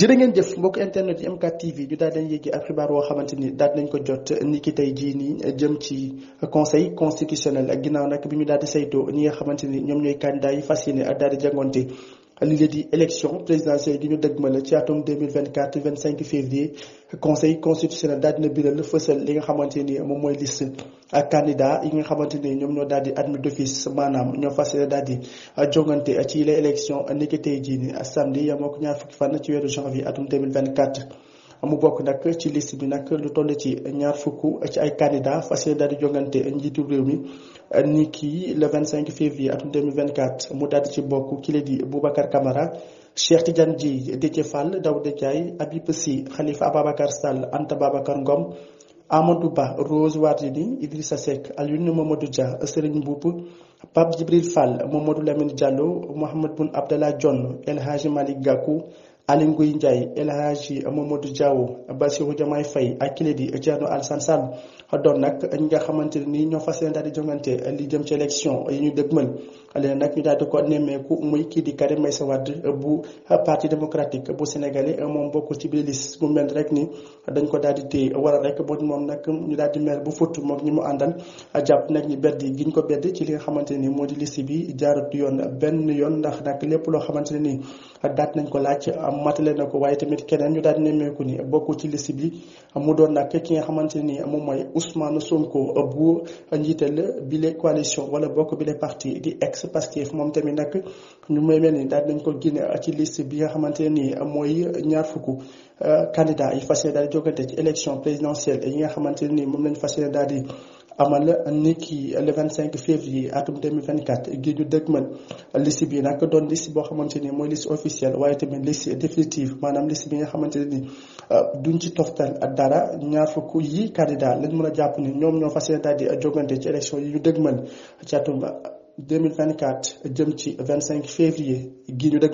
jërë ngeen jëf mbokk internet yi M4 TV ñu daal dañ yéegi ak xibaar woo xamante ni daal nañ ko jot ni ki tey jii nii jëm ci conseil constitutionnel a ginnaaw nag bi ñu daal di saytoo ñi nga xamante ni ñoom ñooy candidat yi fas a ak daal di jàngonte li di élection présidentielle gi ñu dëgmal ci atum 2024 25 février conseil constitutionnel daal dina biral fësal li nga xamante ni moom mooy liste ak candidat yi nga xamante ni ñoom ñoo daal di admis d'office maanaam ñoo fas yéene daal di jongante ci les élections niki tey jii ni samedi yamoo ko ñaar fukki fan ci weeru janvier atum 2024 mu bokk nag ci liste bi nag lu toll ci ñaar fukk ci ay candidats fas yéene daal jongante njiitu réew mi ni kii le 25 février atum 2024 mu daal ci bokk kii la di Boubacar Camara Cheikh Tidiane Dièye Déthié Fall Daouda Ndiaye Habib Sy Khalifa Ababacar Sall Anta Babacar Ngom Amadou Ba Rose Wardini Idrissa Seck Alioune Mamadou Dia Serigne Mboup Pape Djibril Fall Mamadou Lamine Diallo Mouhamed Boun Abdallah Dionne El Hadji Malick Gakou Aly Ngouille Ndiaye El Hadji Mamadou Diaw Bassirou Diomaye Faye ak kile di Thierno Alassane Sall doon nag ñi nga xamante ni ñoo fas yéene daal di jongante li jëm ci yi ñu dëgmal leen nag ñu daal di ko nemmeeku muy kii di Karim Meïssa Wade bu parti démocratique bu sénégalais moom bokkul ci biir liste mu mel rek ni dañ ko daal di téye waral rek boo moom nag ñu daal di bu fut moom ñi mu àndal jàpp nag ñi beddi giñ ko bedd ci li nga xamante ne ni moo di liste bi jaarut yoon benn yoon ndax nag lépp loo xamante ne ni daat nañ ko laaj am matale na ko waaye tamit keneen ñu daal di nemmeeku ni bokk ci liste bi mu doon nag ki nga xamante nii moom mooy Ousmane Sonko bu bi bile coalition wala bokk bi bile parti di ex Pastef moom tamit nag ñu may mel ni daal nañ ko génne ci liste bi nga xamante ni mooy ñaar fukk euh, candidat yi fas yéene daal di jogante ci élection présidentielle yi nga xamante ni moom lañ fas yéene amal ni ki le 25 février atum 2024 gi ñu dëgmal liste bi nag doon liste boo xamante ni mooy liste officielle waaye tamit liste définitive maanaam liste bi nga xamante ne ni euh, duñ ci toftal dara ñaar fukk yi candidat lañ mën a jàpp ni ñoom ñoo fas yéene daal di jogante ci élection yi ñu dëgmal ci atum 2024 euh, jëm ci février gi ñu dëgmal